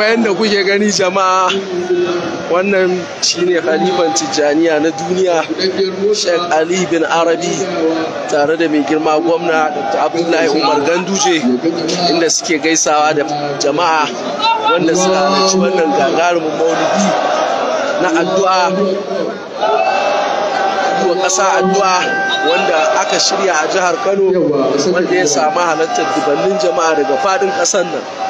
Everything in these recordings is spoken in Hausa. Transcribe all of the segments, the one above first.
kamar yadda kuke gani jama'a wannan shine khalifan tijjaniya na duniya sheikh ali bin arabi tare da mai girma gwamna da abdullahi umar ganduje inda suke gaisawa da jama'a wanda suka halarci wannan gagarumin maulidi na addu'a wa ƙasa addu'a wanda aka shirya a jihar kano wanda ya samu halartar dubannin jama'a daga faɗin ƙasar nan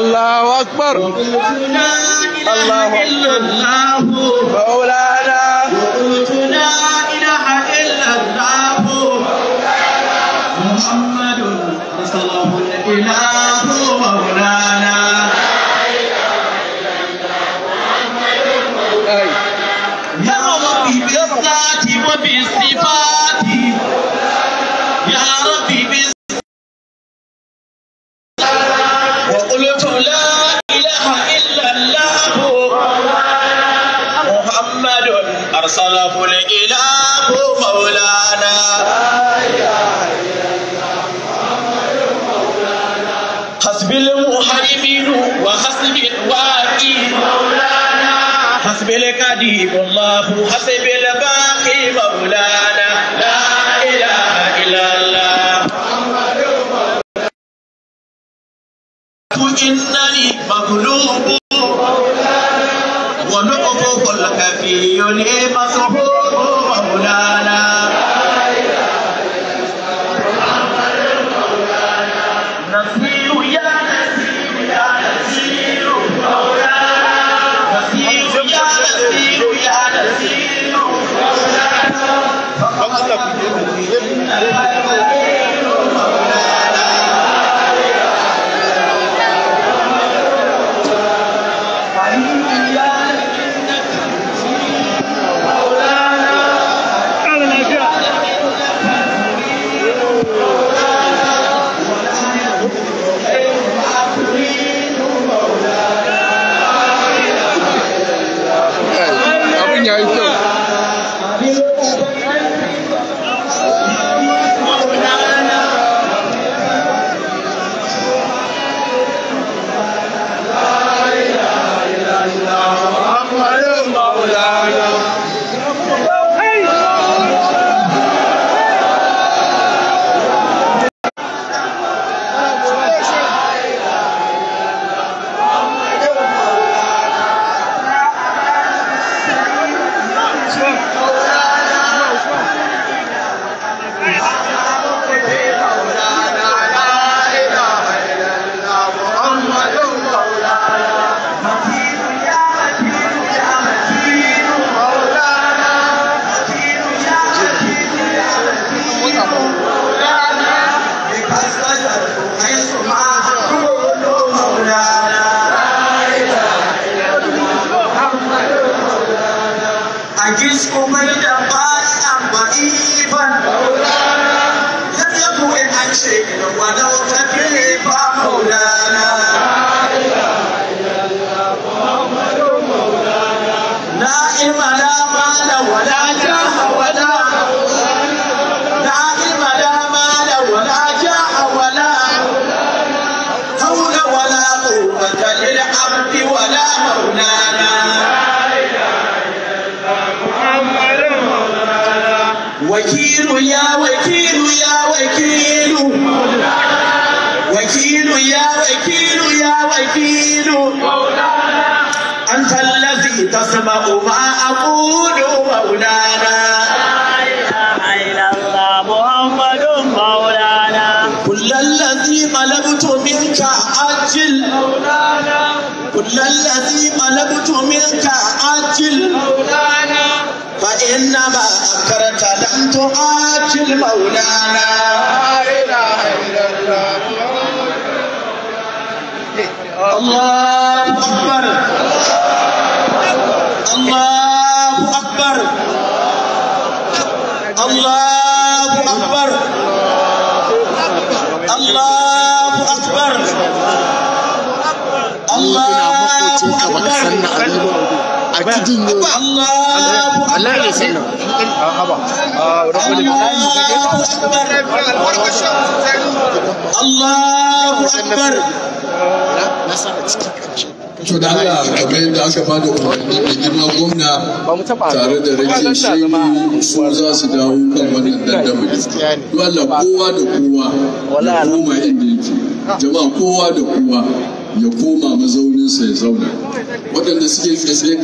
الله أكبر الله أكبر مولانا لا إله إلا الله محمد رسول الله الإله مولانا يا ربي بالذات وبالصفات حبيب الله حسب الباقي مولانا لا إله إلا الله إنني مغلوب ونقف كل كفي لي مصحوب مولانا oh. وكيل يا وكيل يا وكيل وكيل يا وكيل يا وكيل أنت الذي تسمع ما أقول مولانا كل الذي طلبت منك أجل كل الذي طلبت منك أجل مولانا فإنما أكرت لم تقاتل مولانا لا إله إلا الله الله أكبر الله أكبر الله أكبر الله أكبر الله أكبر ki jinyo Allah akbar na cikin da yadda aka bada umarni da girma gomna tare da rage shehu su za su dawo kan wannan dandamali Allah kowa da kowa ya koma inda yake jama'a kowa da kowa ya koma mazauninsa ya zauna waɗanda suke tsaye